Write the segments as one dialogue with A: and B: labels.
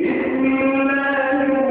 A: بسم الله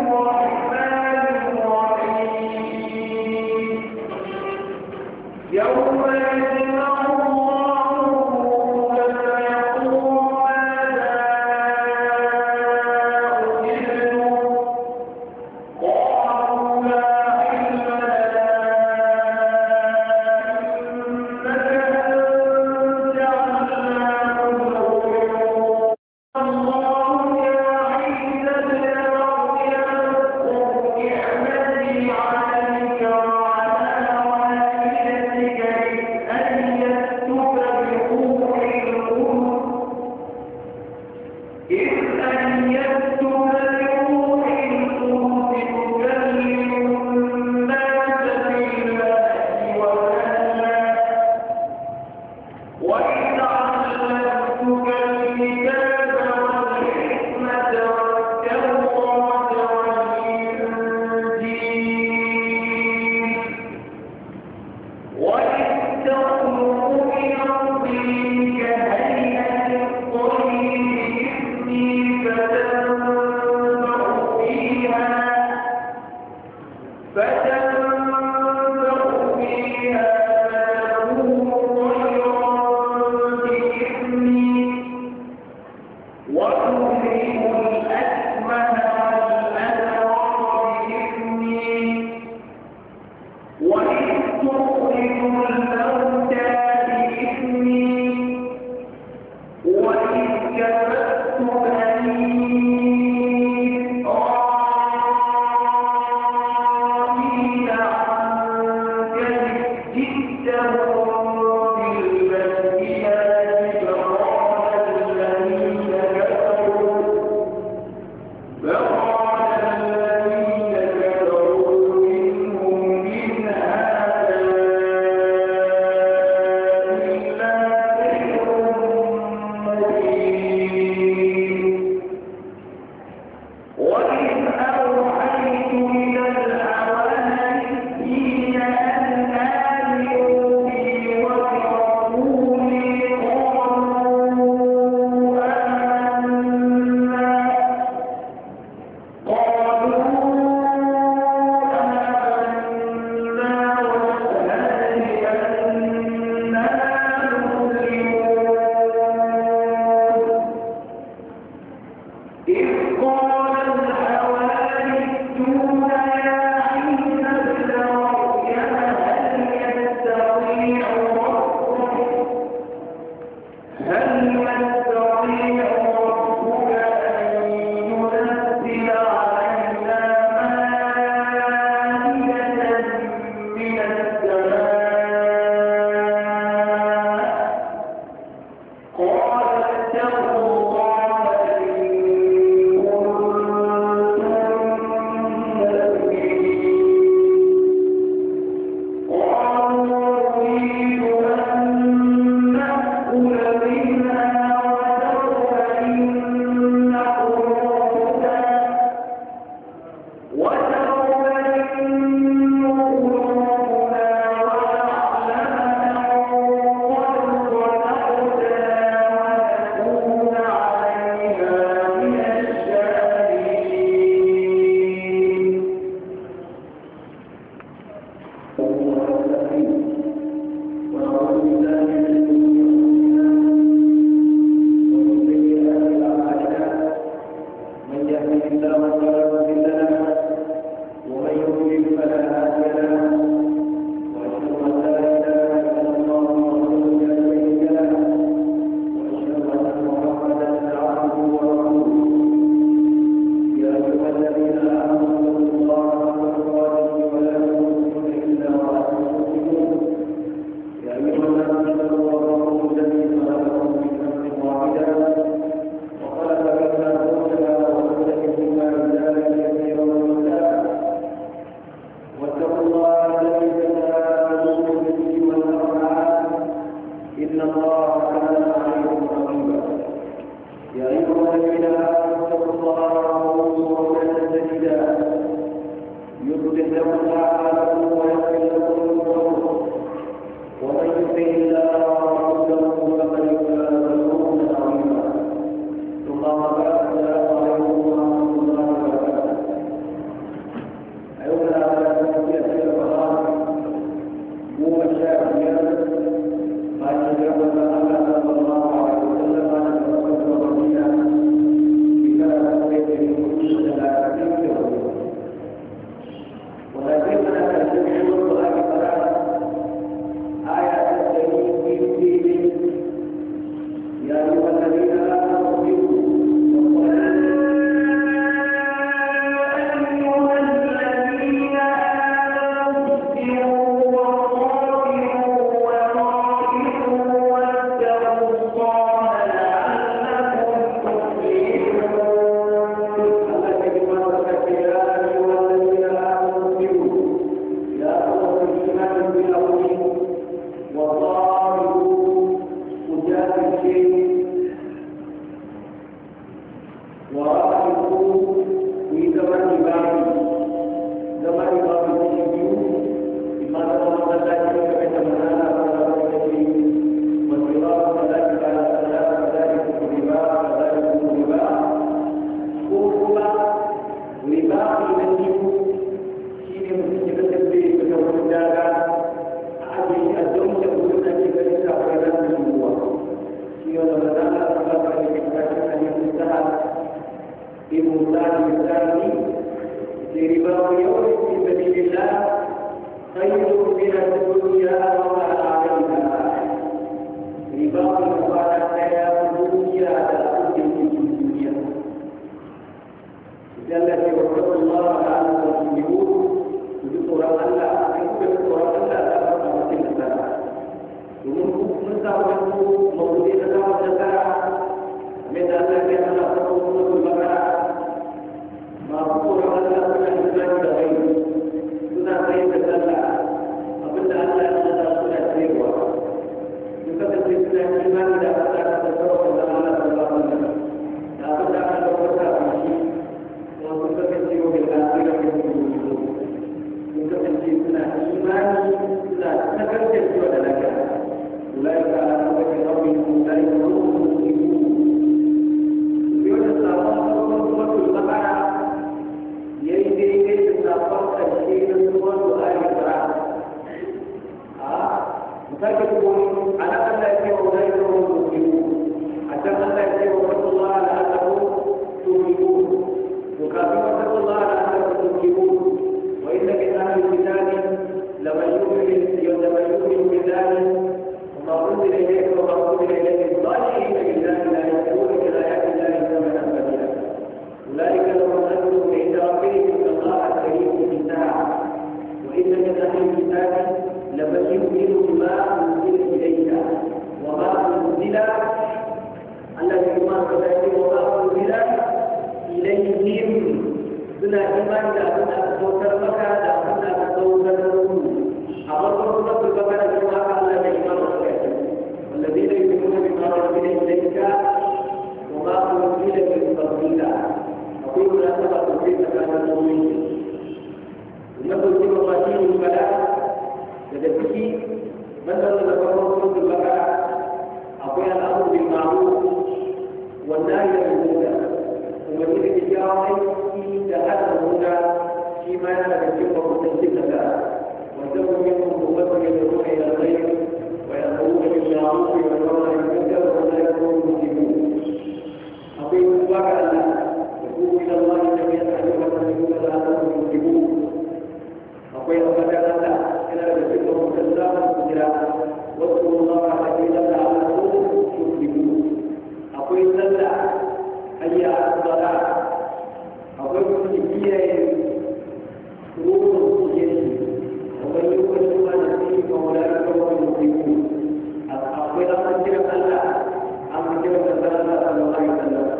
A: لا أنواع الناس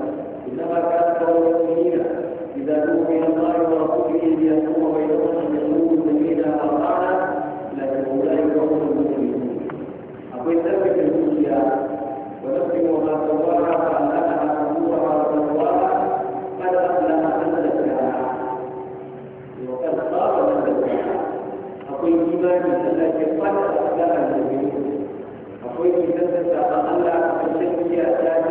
A: إنما كان قول المؤمنين إذا دعوا إلى الله ورسوله ليحكم بينهم أن يكونوا الذين أطعنا لكن أولئك هم المؤمنون أقول ذلك الدنيا ونسلم ما سواها فأنها تقوها وتقواها قد أفلح من زكاها
B: وقد خاب من زكاها أقول إيماني التي قد أفلح المؤمنون أقول إذا زكاها الله فالشرك أتاك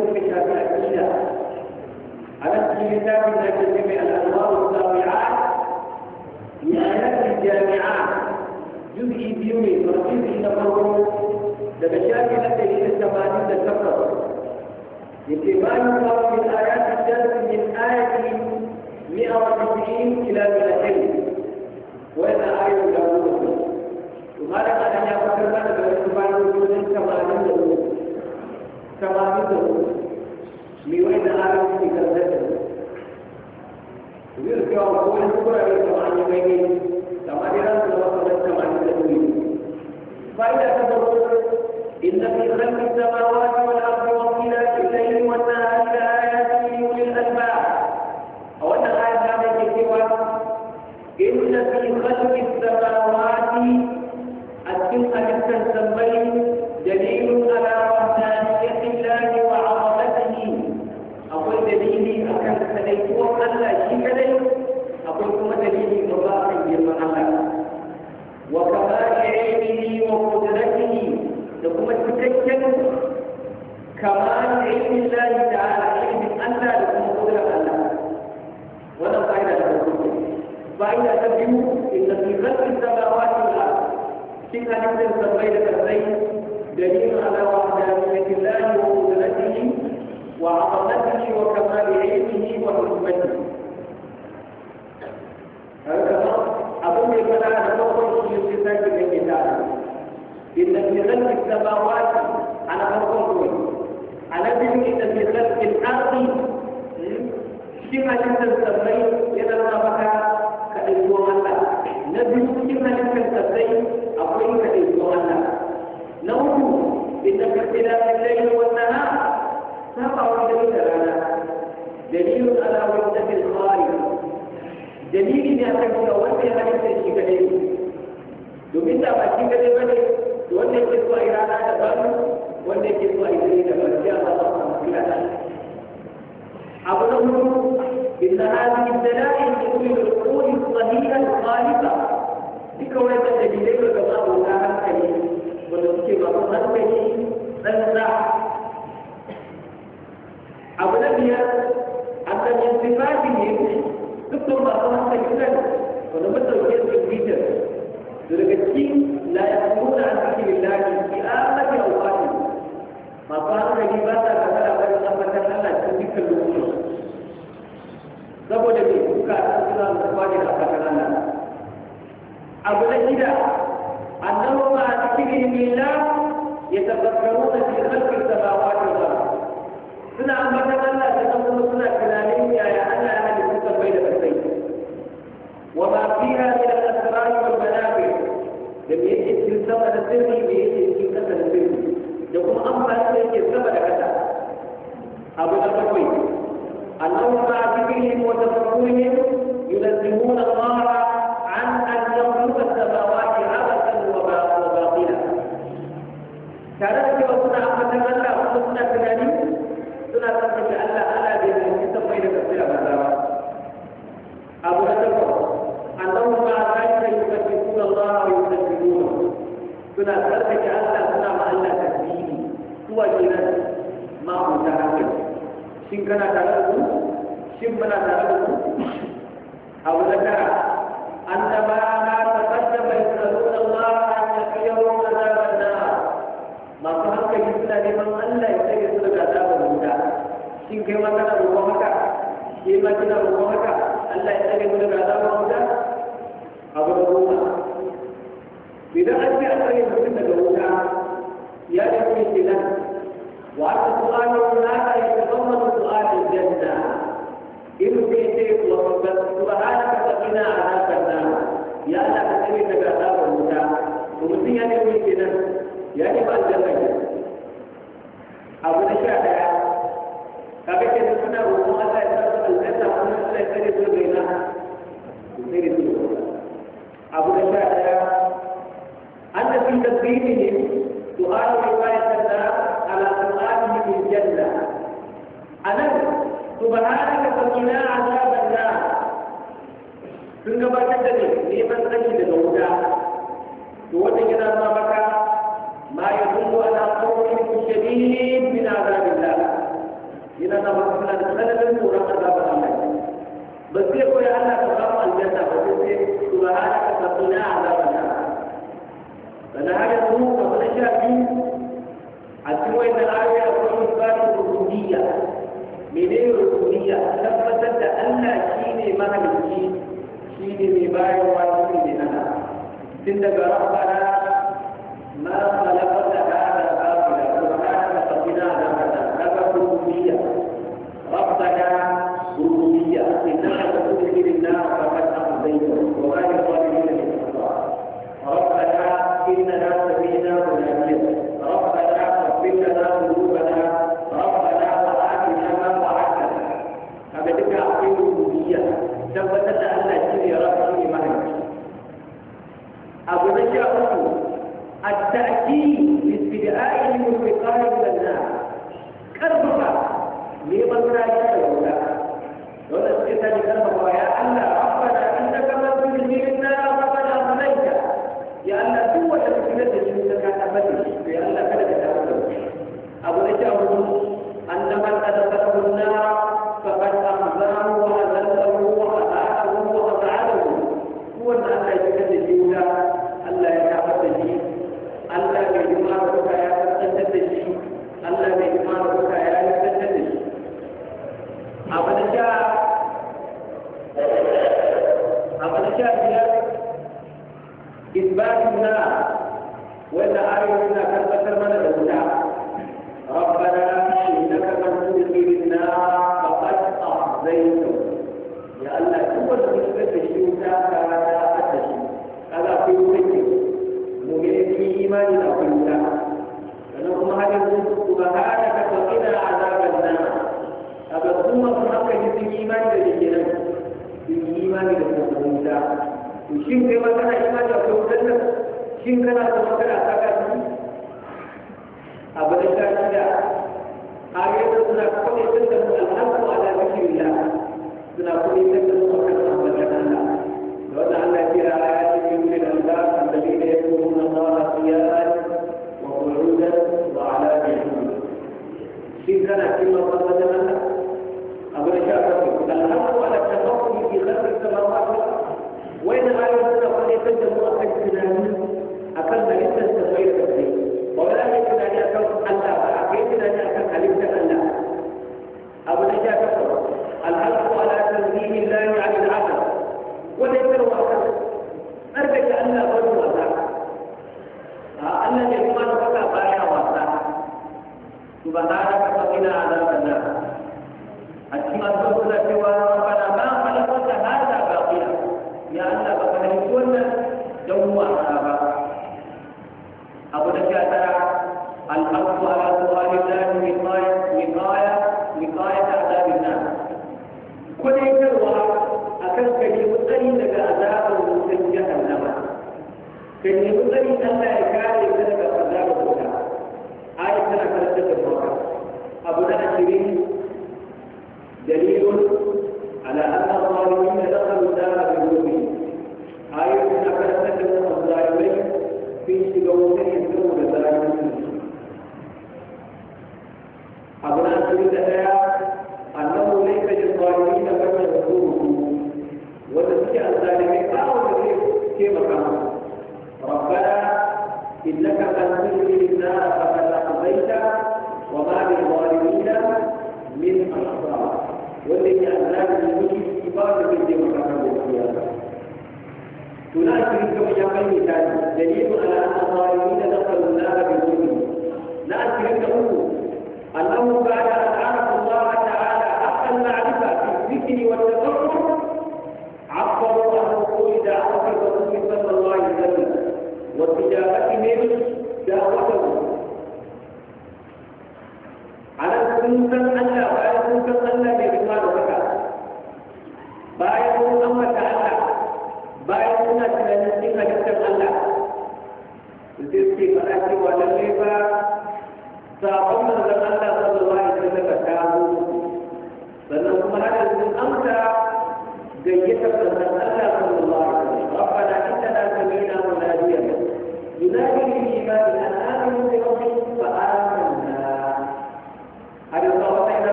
A: وكتاب العقيدة على كتاب الذي جمع الأنوار السابعات لآيات الجامعات جزء ديوني مركز تفرغ لمشاكل التي الثمانين تفرغ لما يقال من آيات الدرس من آية 190 إلى 200 وإذا آية داوود وما لك أن يفكر بعد أن يفكر بعد أن Sebab itu, Miwai dan Arif tinggal saja. Jadi, sekarang aku yang suka lagi sama Anya Mengi, sama dia dan sama sama sama Anya Mengi. Baiklah, sebab itu, Inna Fisran Fisra Mawati wa al kita wa Kila Kila Ilmu wa Nahari ಅಂತ shin muna tare da ku a wajen tara annaba na taqaddama yas'aluna Allah an yaqiyahum azaban nar masu hankali suna neman Allah ya tsare su daga azabar wuta shin kai ma na roƙon haka shi ma kina roƙon haka Allah ya tsare mu daga azabar wuta
B: A da goma idan an ce an tsare mutum daga wuta
A: ya ce kuma kenan وهذا السؤال هذا يتضمن سؤال الجنة إن كنت سبحانك فقنا عذاب النار يا لا تسمي لك عذاب النار ومسي أن يكون كنا يعني ما الجنة أبو نشاء kami kena benar rumah saya satu saya tak pernah saya tadi berbeda ini itu Abu Dhabi saya anda tidak begini Tuhan riwayat saya ala الجنة أنا سبحانك فقنا عذاب النار sun gabatar da neman tsaki daga wuta to wata gina ma maka ma ya zungu ala kawai shadid min azabillah yana da masana da tsananin tsoron azabar Allah ba koya ko ya Allah ka ba mu su ba sai sai subhanaka faqina azaballah dan haka mu ka fara shafi أتوا إن الآية أقول إثبات الربوبية منين الربوبية ثبتت أن شيني مهلكي شيني مبايع وشيني أنا تندق ربنا ما خلقت هذا باطلا سبحانك فقنا عذاب النار الربوبية ربنا ربوبية إنك تدخل النار فقد أنزل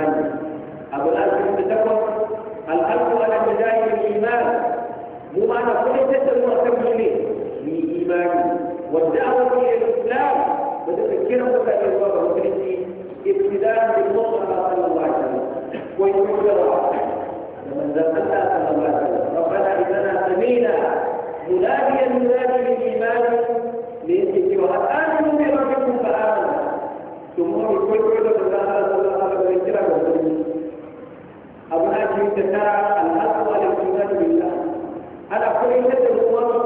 A: الإيمان أبو الألف التكبر القلب على بداية الإيمان مو معنى كل جسد مرتب إليه لإيمان والدعوة إلى الإسلام وتذكره كالإرواء والمسلمين ابتداء على صلى الله عليه وسلم ويذكرها لمن ذكرنا صلى الله عليه وسلم ربنا إننا سمينا مناديا ينادي بالإيمان لإنك وقد آمنوا بربكم فآمنا ثم بكل كل da ta al'adu wa da kuma ana koyar da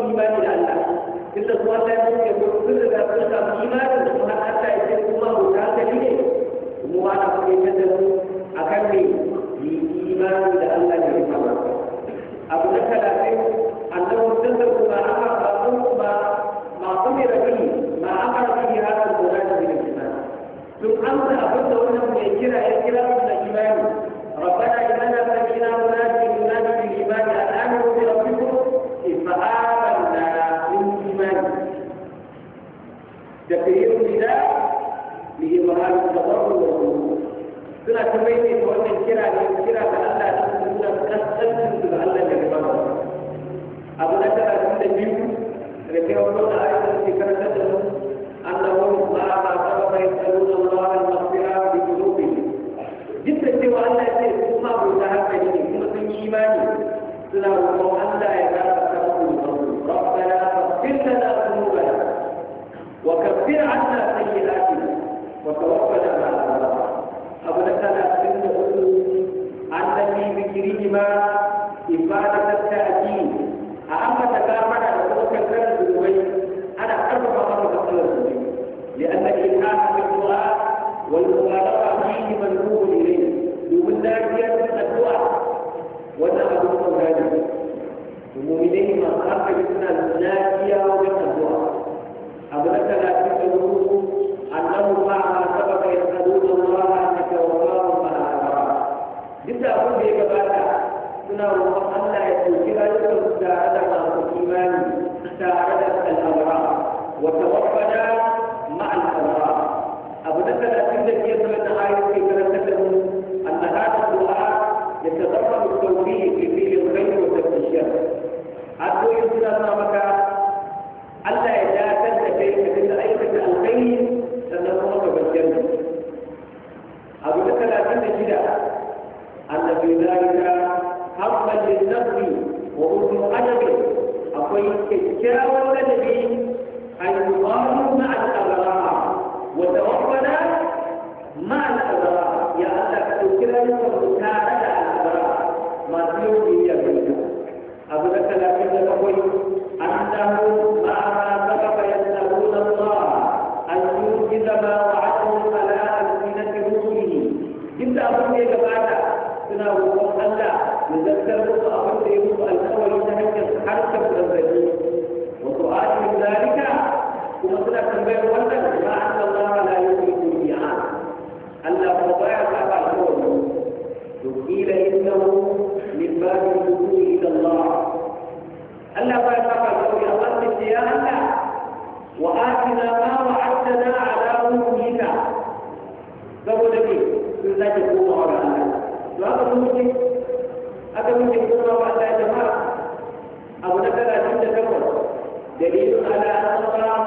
A: إليهم الآخر haka aka haka muke kuma wa ta jama'a abu na talatin da takwas dalilun ala an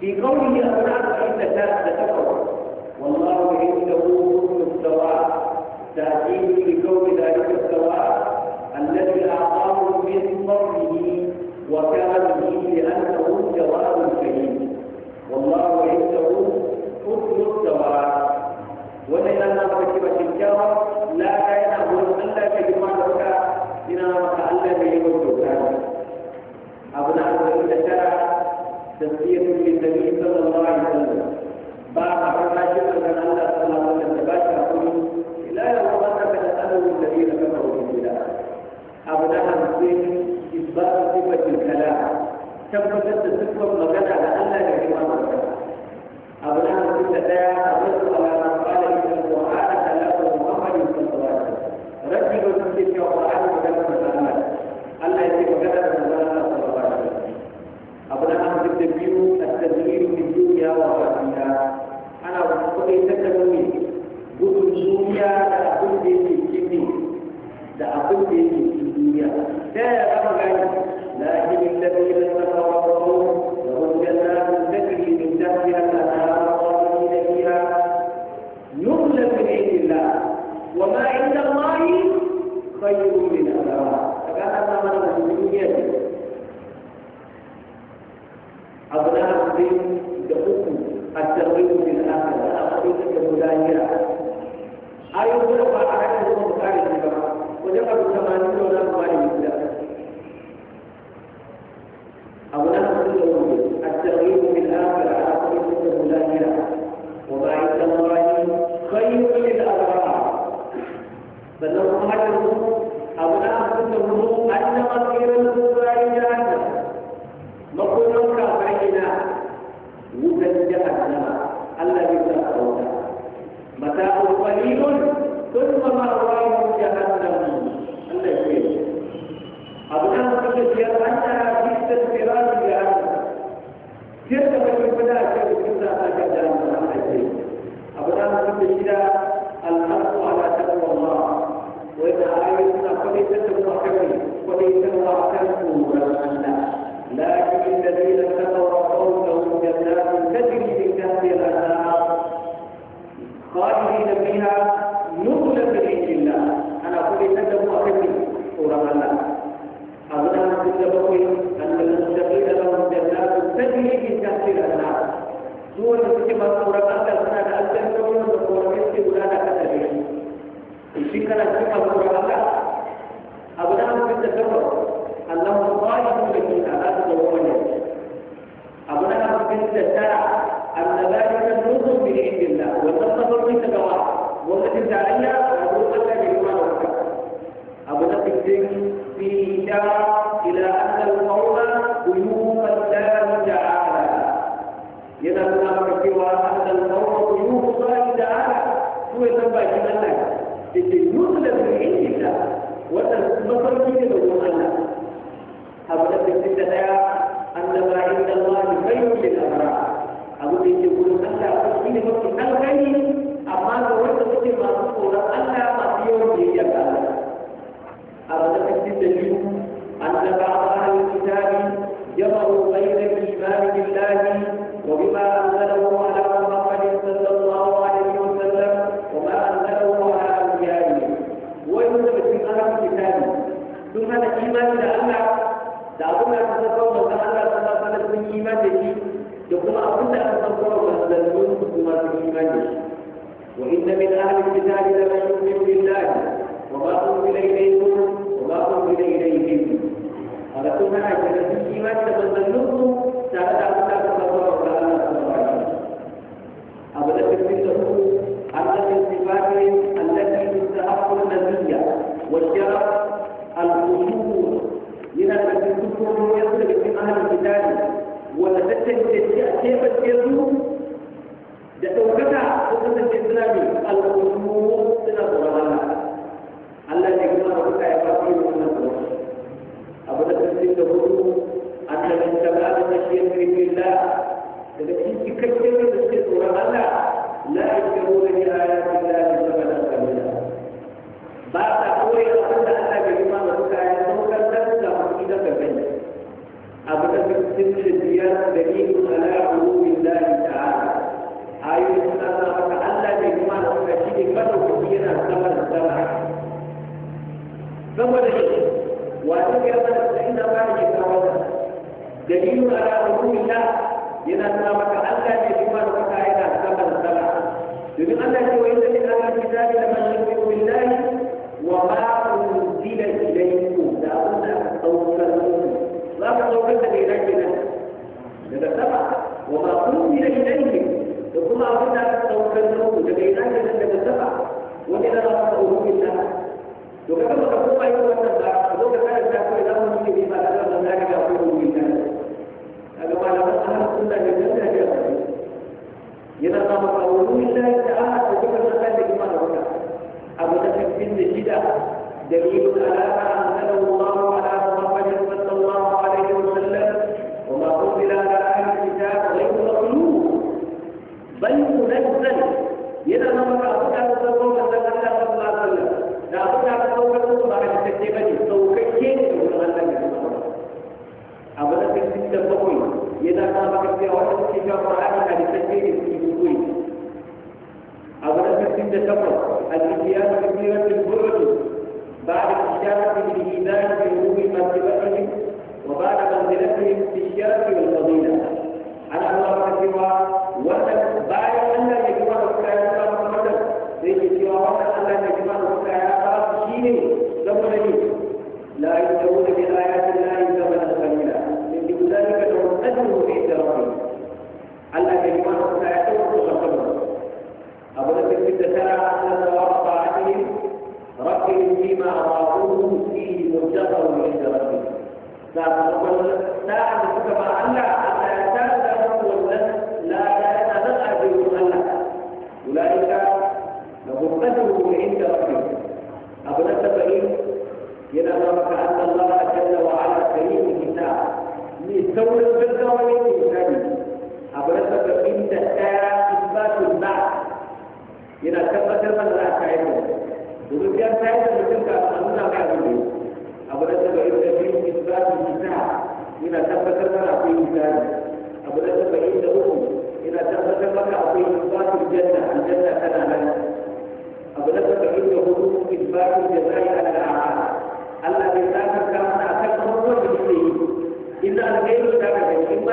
A: في قوله أولاد فإن كان تكفر والله عنده حكم الثواب في لكون ذلك الثواب الذي أعطاه من فضله وكرمه لأنه جواب كريم والله عنده حكم الثواب ولأن مرتبة الجواب لا كان ألا كلماتك إنما تألف يوم نعم، الدكان أبناء الذين تسلية للنبي صلى الله عليه وسلم بعد فراشة أن الله صلى الله عليه وسلم تباشر يقول لا يغرنك تسأله الذين كفروا من الله أبو نحن الدين إثبات صفة الكلام tabbatar da dukkan magana da Allah ya yi wa magana abu na mutum da daya a wasu alaƙa yawa gida ana wani kuɗi ta kanu ne gudun duniya da abin da yake cikin da abin da yake cikin duniya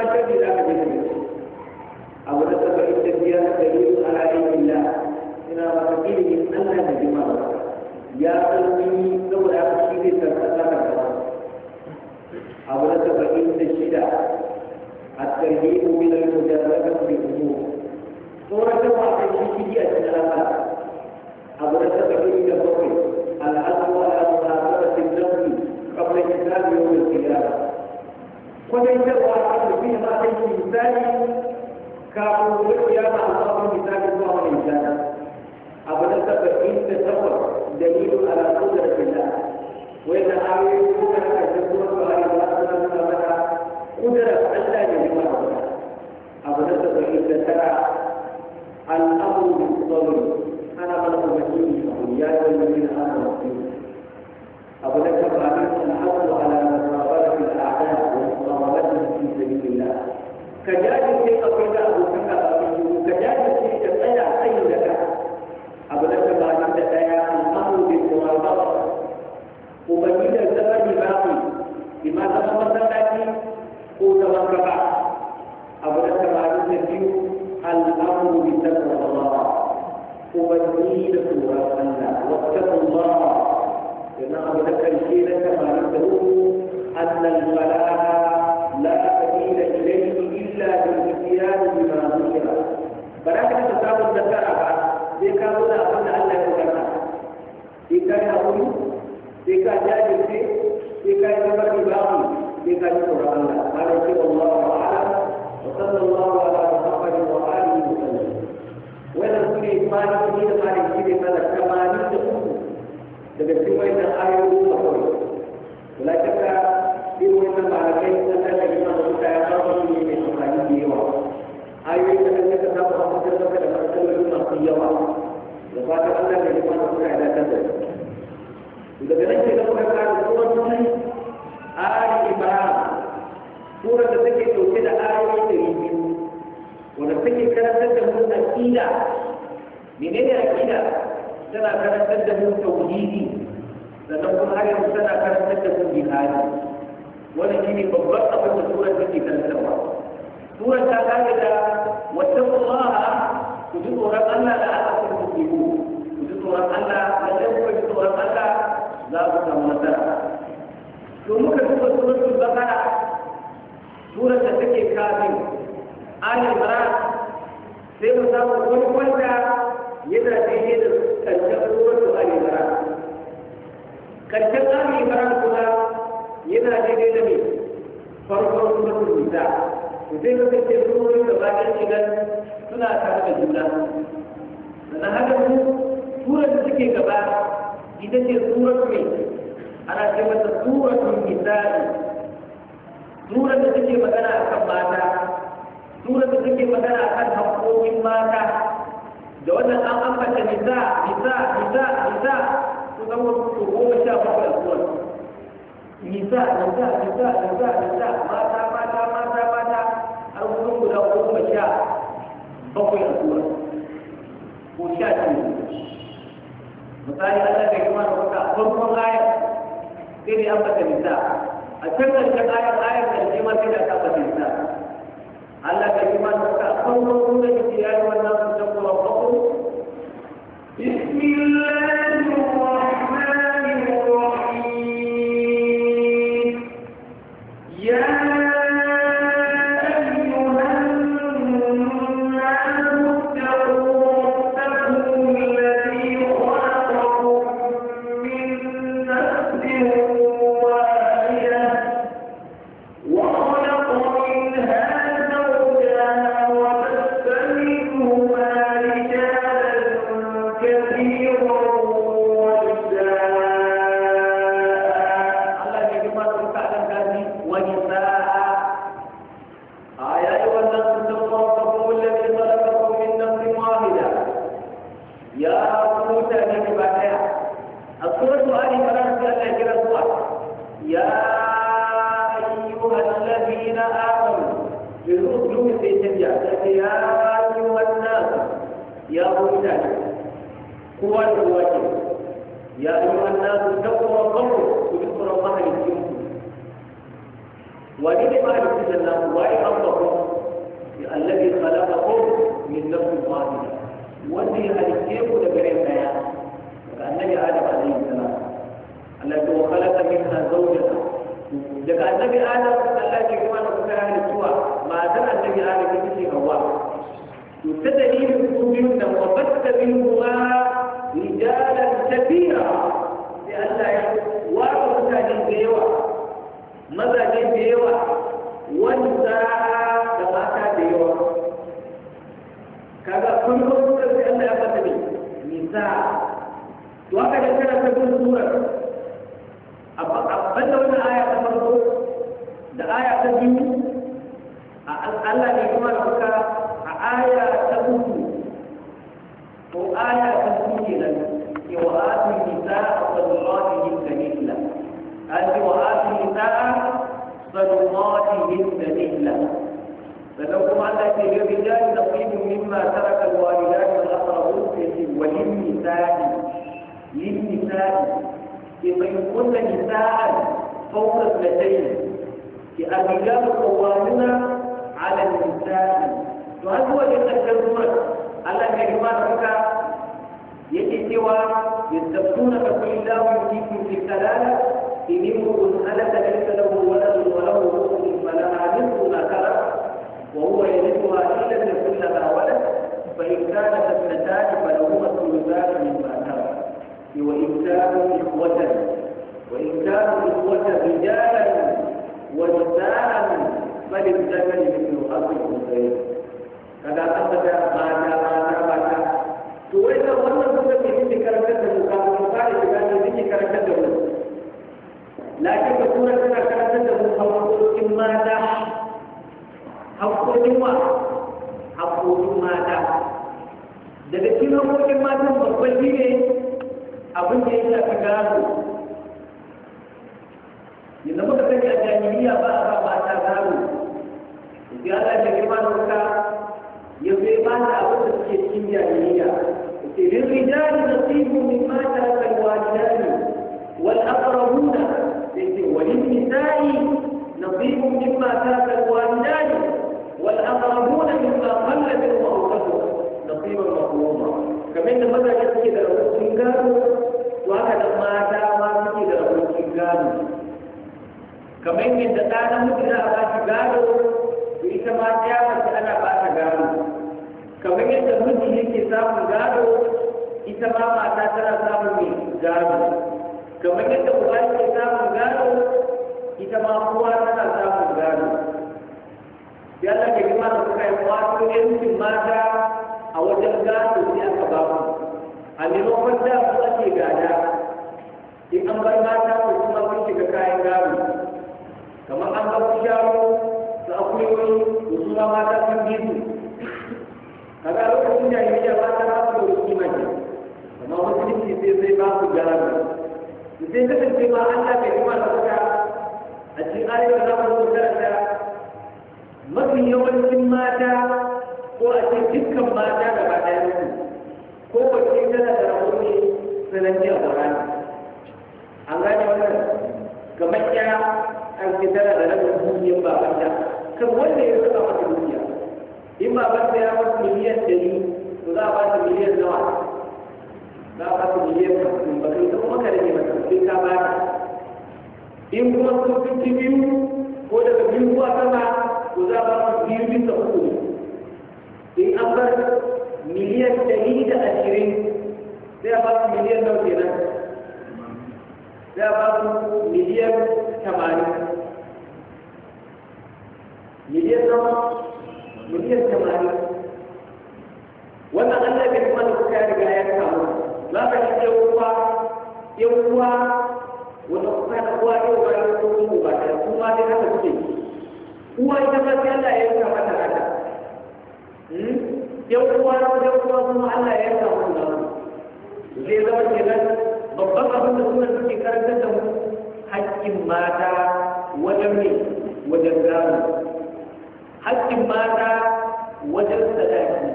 A: Gracias. صلى الله على محمد وآله وسلم ولم يكن إيمان من الخارج من الثمانين تقول لكن كما إن آية وحول ولكن misali Allah bai kuma da wata farkon ayar sai dai an bata nisa a can ƙarshen ayar ayar ƙarshe ma sai da ta bata nisa Allah bai kuma da wata farkon sunan da ke yi wannan sunan kuma bakwai
B: Bismillah
A: wani kuma sai Allah ya fata ne nisa to haka da kana ta bin sura abban da wannan aya ta farko da aya ta biyu a Allah ne kuma da kuka a aya ta uku ko aya ta uku kenan yawa atu nisa sallallahu alaihi wa sallam ati wa atu nisa sallallahu alaihi wa sallam فلو على للرجال نصيب مما ترك الوالدان والأقربون وللنساء للنساء إذا يكون نساء فوق اثنتين الرجال قوامون على النساء وهل هو يتكلمون على كلماتك يجي سوى يستفتونك قل الله يؤتيكم في الكلالة إن امرؤ هلك ليس له ولد وله أخت فلها نصف ما ترك وهو يرثها إن لم يكن لها ولد فإن كانت اثنتان فلهما الثلثان مما ترك وإن كانوا إخوة وإن كانوا إخوة رجالا ونساء فللذكر مثل حظ الأنثيين kada an bata mata mata mata to wai da wannan suka ce kike karantar da mu kafin mu fara shiga ne kike karantar da mu lakin ba tura tana karantar da mu a cikin mata haƙoƙin wa haƙoƙin mata daga cikin haƙoƙin matan babban shi ne abin da ya shafi gado yanzu muka sani a jami'a ba a ba mata gado ya za ta girma da wuta ya bai ba da abin da suke cikin jami'a ke lirrijali nasibu min mata kalwa jami'a yan uwa wata kuma da uwa yau ba ya ko mu ba da kuma ne haka kuke uwa ita ba sai Allah ya yanka mata haka hmm yan uwa da uwa kuma Allah ya yanka mata zai zama kenan babban abin da suna suke karanta da mu hakkin mata wajen ne wajen gano hakkin mata wajen sadaki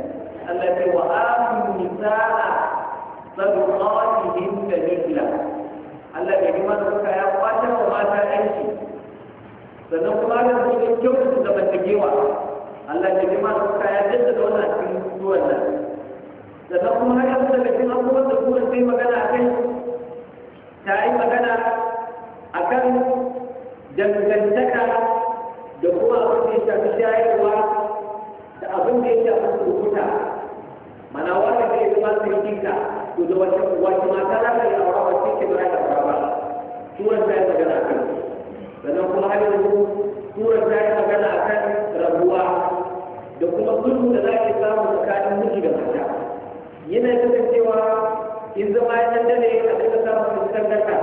A: Allah ya ce wa amin nisa'a saduqatihim sabila Allah ya yi mana suka ya kwace wa mata yanki sannan kuma da su ne kyau su zamantakewa Allah ya yi mana suka ya jaddada wannan cikin suwan nan sannan kuma haka yanzu daga cikin abubuwan da kuma sai magana a kai ta yi magana a kan dangantaka da kuma abin da ya shafi shayarwa
B: da abin da ya shafi rubuta
A: mana wanda zai zama sirkinka to da wata wata mata za ka yi aura ba sai ke ba da aura ba surar ta yi magana sannan kuma har yanzu surar ta yi magana akan rabuwa da kuma sulhu da za ka samu tsakanin miji da mata yana kasancewa in zama ya dan dane a daga samun fuskan daka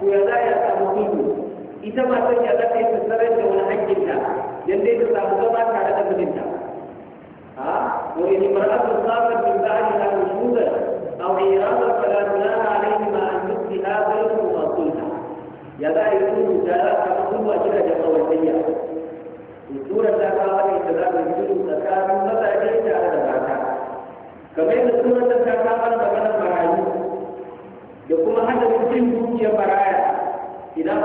A: to ya za ya samu sulhu ita matan ya za ta yi fassarar da wani hakkinta dan dai ta samu zama tare da mijinta
B: ha ah, wa in mar'atun sabat da ba'daha nushuzan أو عيرابا فلا جناح عليهما أن يصلحا بينهما صلحا
A: يا ذا يكون جاء هو كده جماوية Surar ta kawo ne da za ta yi tsakanin mazaje tare da mata. Kamar yadda surar ta kawo da maganar marayu da kuma hada cikin dukiyar maraya idan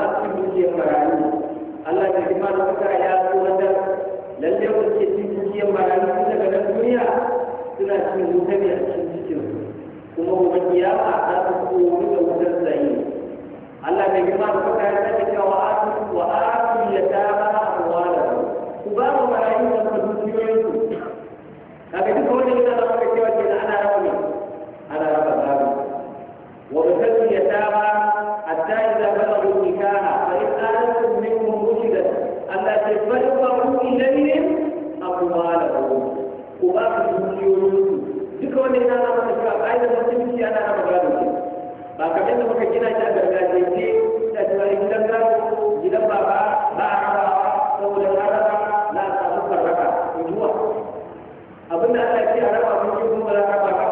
A: Allah ya jima da suka ya tsoratar lalle wanda ke cikin dukiyar barayi tun daga nan duniya suna cikin wuta ne a cikin cikin kuma gobe kiyama za ta komi da wutar sayi Allah bai girma da kuka ya sani cewa atu wa atu ya dama amwala ku ba mu marayu da su dukiyoyin ku kaga duka wannan yana da kuka cewa ke ana raba ne ana raba gado wa bisalli ya dama hatta idza balagu nikaha fa in alantum minkum rushdan Allah ya farfaru ilayhim amwalahum ku ba su dukiyoyin ku duka wannan yana da kuka ana raba gado ce ba kamar da muka gina shi a gargajiyance da cewa gidan gado gidan baba ba a rabawa saboda na raba na samu farraka mutuwa abin da Allah ya raba mun ji kuma za ka raba ka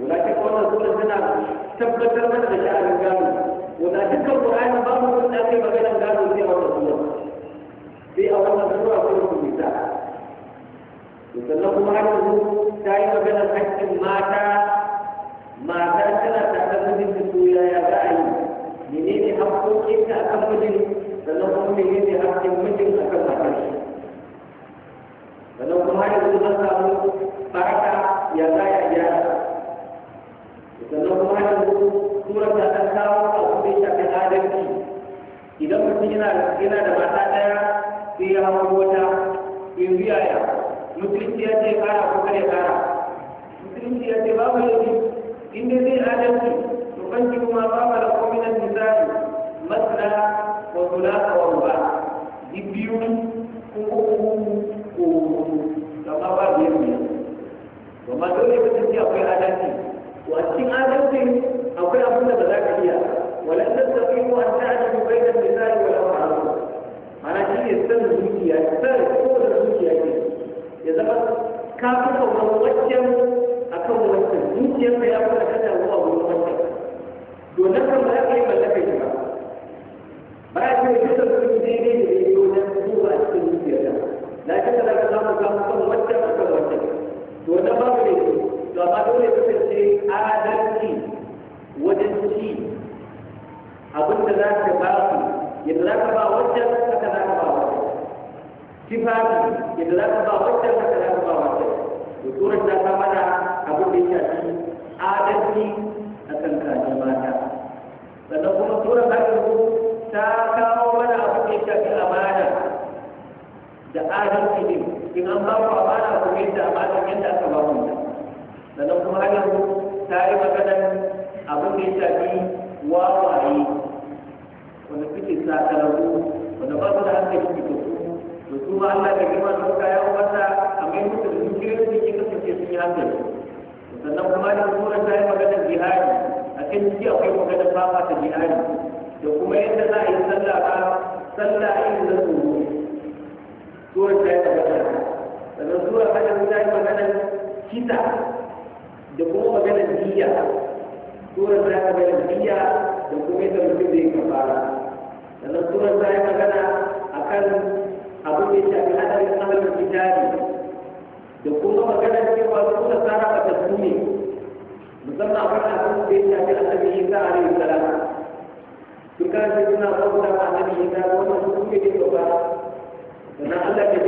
A: walakin wannan sura tana tabbatar mana da sha'anin gado wanda dukkan Qur'ani babu wanda ke magana gado sai wannan sura sai a wannan sura ko kuma ta sannan kuma har yanzu ta yi magana sannan Allah ya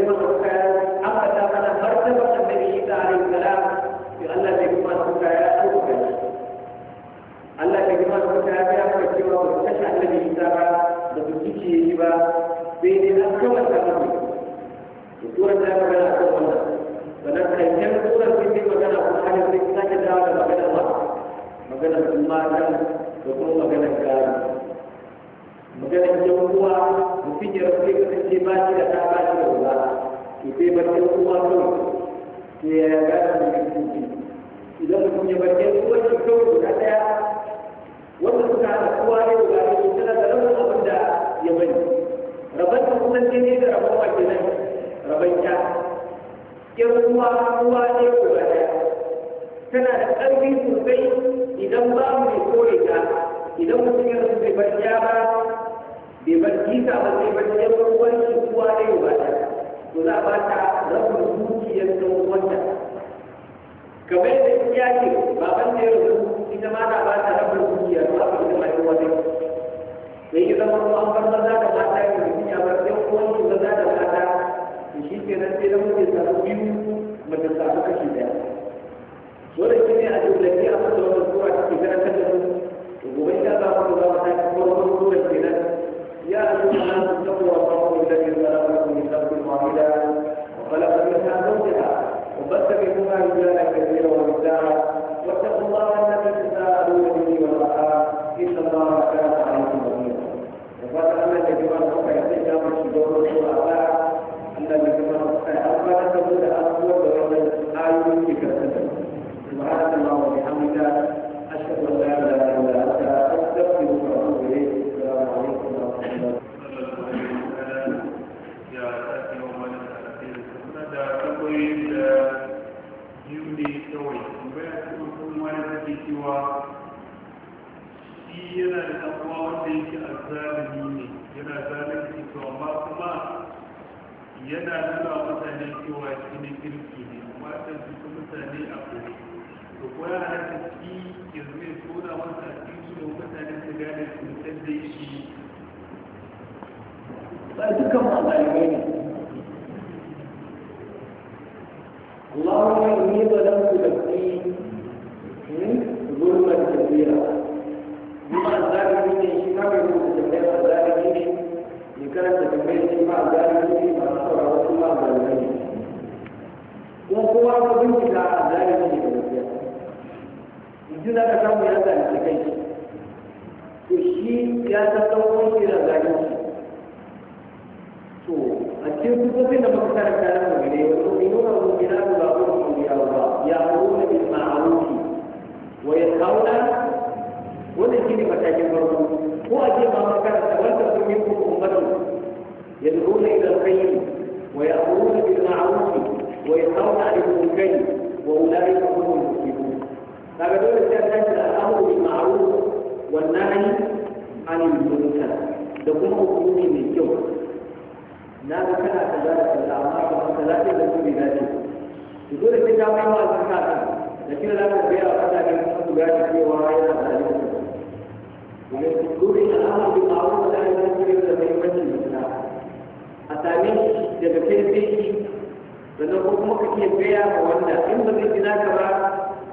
A: ko kuma ka iya gaya ma wanda in ba zai gina ka ba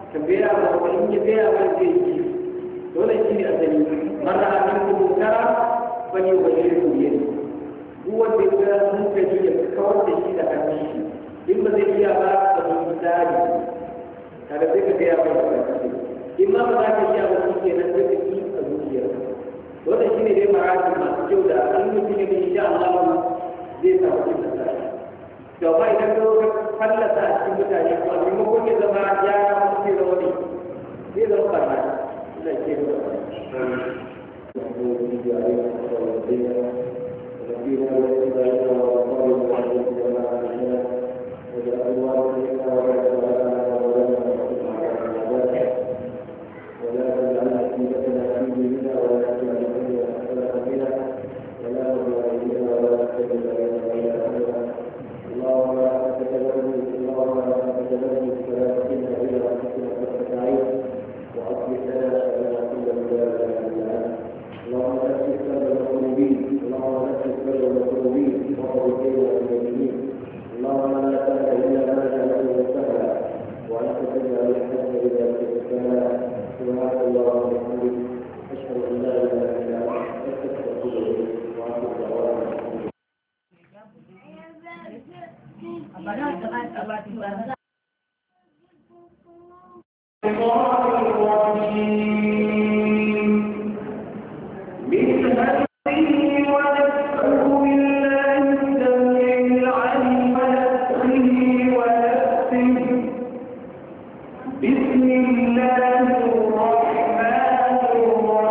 A: ka gaya ma wanda in ya gaya ma zai yi dole shi ne a asali mara amin ku munkara ba ne wa shi ku yi duk wanda ya ga sun ka yi ya kawar da shi da hannun shi in ba zai iya ba ka zo misali kada sai ka gaya ma wanda in ma ba za ka iya ba shi kenan sai ka yi a zuciyarka wannan shi ne dai maratin masu kyau da an mutum ne sha Allah zai samu cikin nasara da ba idan ka zo ka fallasa a cikin mutane kuma maimakon ya zama ya mutu da wani zai zama barna ina ke da